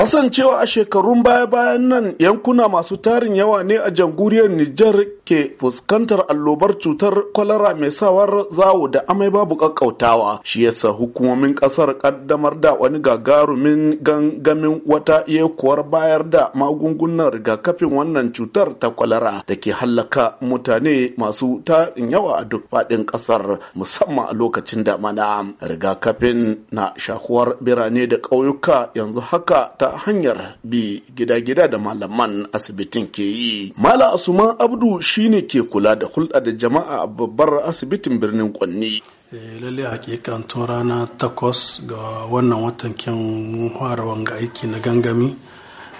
Kasancewa a shekarun baya-bayan nan yankuna masu tarin yawa ne a jamhuriyar Nijar ke fuskantar allobar cutar kwalara mai sawar zawo da amai babu kakkautawa. Shi yasa hukumomin kasar kaddamar da wani gagarumin gangamin wata yekuwar bayar da magungunan rigakafin wannan cutar ta kwalara da ke hallaka mutane masu tarin yawa a duk faɗin kasar musamman a lokacin damana. Rigakafin na shahuwar birane da ƙauyuka yanzu haka ta a hanyar bi gida-gida da malaman asibitin ke yi. Mala Asuma Abdu shine ke kula da hulɗa da jama'a a babbar asibitin birnin Kwanni. Eh, lalle hakikan tun rana takwas ga wannan watan kin fara wanga aiki na gangami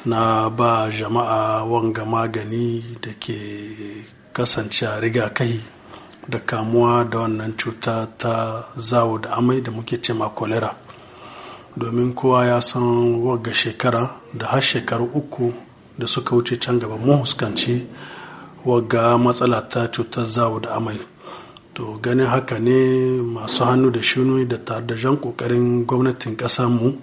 na ba jama'a wanga magani da ke kasance a rigakahi da kamuwa da wannan cuta ta zawo da amai da muke cema kolera. domin kowa ya san wagga shekara da har shekaru uku da suka wuce can gaba mun huskanci wagga matsala ta cutar zawo da amai to ganin haka ne masu hannu da shinu da tare da jan kokarin gwamnatin mu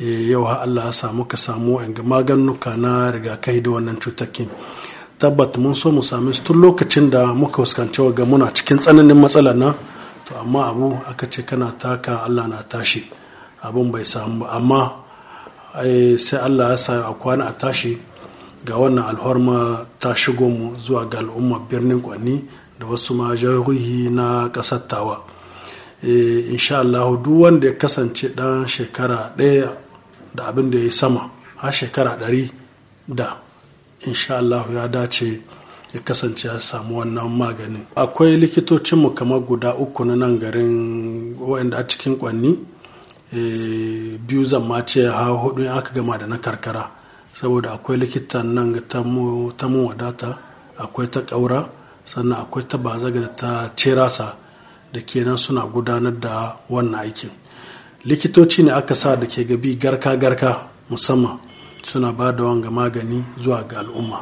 eh, yau ha allah ya samu ka samu ga maganuka na rigakai da wannan cutakin tabbat mun so mu sami su tun lokacin da muka huskanci wagga muna cikin tsananin matsala na to amma abu aka ce kana taka allah na tashi abin bai samu ba amma sai allah ya sa a kwana a tashi ga wannan alhorma ta shigo mu zuwa ga al'umma birnin kwanni da wasu ma jihohi na ƙasar tawa eh, insha Allah duk wanda ya kasance ɗan shekara ɗaya da abin da ya yi sama har shekara ɗari da insha Allah ya dace ya kasance ya samu wannan magani. akwai likitocinmu kamar guda uku na nan garin waɗanda a cikin kwanni Eh, biyu zan ma ce ha hudu ya aka gama da na karkara saboda akwai likitan nan ta mu wadata akwai ta ƙaura sannan akwai ta bazaga da ta cerasa da kenan suna gudanar da wannan aikin likitoci ne aka sa da ke gabi garka-garka musamman suna ba da wanga magani zuwa ga al'umma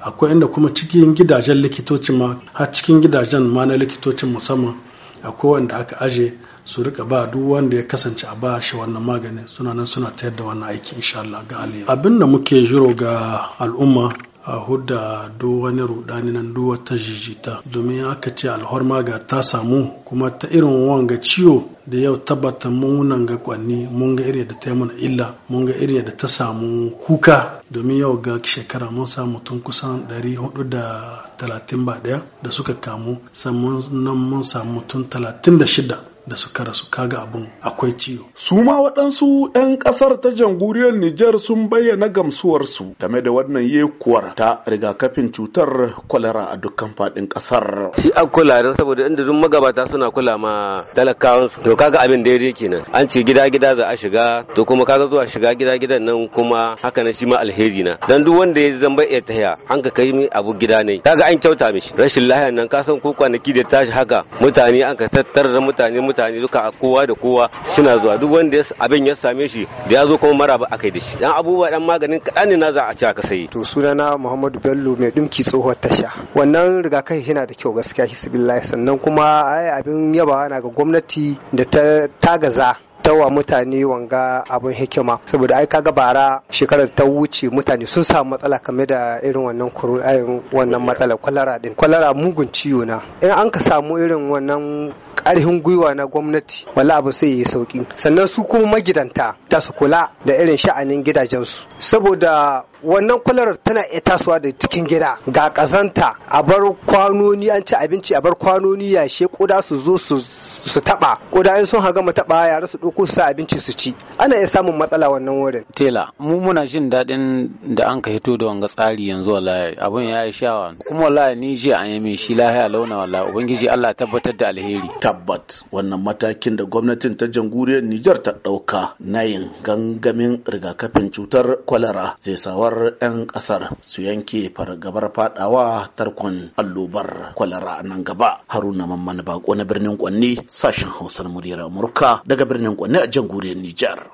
akwai inda kuma cikin gidajen likitocin ma har cikin gidajen ma na likitocin musamman a da aka aje su rika ba duk wanda ya kasance a ba shi wannan maganin suna nan suna tayar da wannan aiki insha Allah ga aliyu abin da muke jiro ga al'umma a hudda duk wani rudani nan duk wata jijita domin aka ce alhorma ga ta samu kuma ta irin wanga ciwo da yau tabbata munan ga kwanni mun ga irin da ta yi mana illa mun ga irin da ta samu kuka domin yau ga shekara mun samu tun kusan 431 da suka kamu sannan mun samu mutum 36 da su kara rasu kaga abin akwai ciwo. Su ma waɗansu 'yan ƙasar ta jamhuriyar Nijar sun bayyana gamsuwarsu game da wannan yekuwar ta rigakafin cutar kwalara a dukkan faɗin ƙasar. Shi a kula don saboda inda duk magabata suna kula ma talakawan to kaga abin daidai kenan. An ce gida gida za a shiga to kuma kaga zuwa shiga gida gidan nan kuma haka na shi ma alheri na. Dan duk wanda ya zamba iya taya an ka kai mi abu gida ne. Kaga an kyauta mishi rashin lahiya nan ka san ko kwanaki da tashi haka mutane an ka tattara mutane mutane duka kowa da kowa suna zuwa duk wanda abin ya same shi da ya zo kuma maraba yi da shi dan abubuwa dan maganin kaɗan ne na za a ci aka sayi to sunana Muhammadu Bello mai dumki tsohuwar tasha wannan rigakafi yana da kyau gaskiya hisbillahi sannan kuma ai abin yaba na ga gwamnati da ta tagaza tawa mutane wanga abin hikima saboda ai kaga bara shekarar ta wuce mutane sun samu matsala kame da irin wannan kuru ayin wannan matsalar kwalara din kwalara mugun ciwo na in an ka samu irin wannan ƙarfin gwiwa na gwamnati wala abu sai yi sauki sannan su kuma magidanta ta su kula da irin sha'anin gidajensu saboda wannan kwalarar tana iya tasowa da cikin gida ga kazanta a bar kwanoni an ci abinci a bar kwanoni yashe koda su zo su su taba ko da in sun haga mu taba yara su ɗauko su sa abinci su ci ana iya samun matsala wannan wurin tela mu muna jin daɗin da an ka hito da wanga tsari yanzu wallahi abun ya yi shawa kuma wallahi ni ji an yame shi lahiya launa wallahi ubangiji Allah tabbatar da alheri tabbat wannan matakin da gwamnatin ta jamhuriyar Nijar ta ɗauka na yin gangamin rigakafin cutar kwalara zai sawar 'yan ƙasar su yanke fargabar faɗawa tarkon allobar kwalara nan gaba haruna mamman bako na birnin kwanne sashen Hausar muryar Amurka daga birnin Gwanne a jamhuriyar Nijar.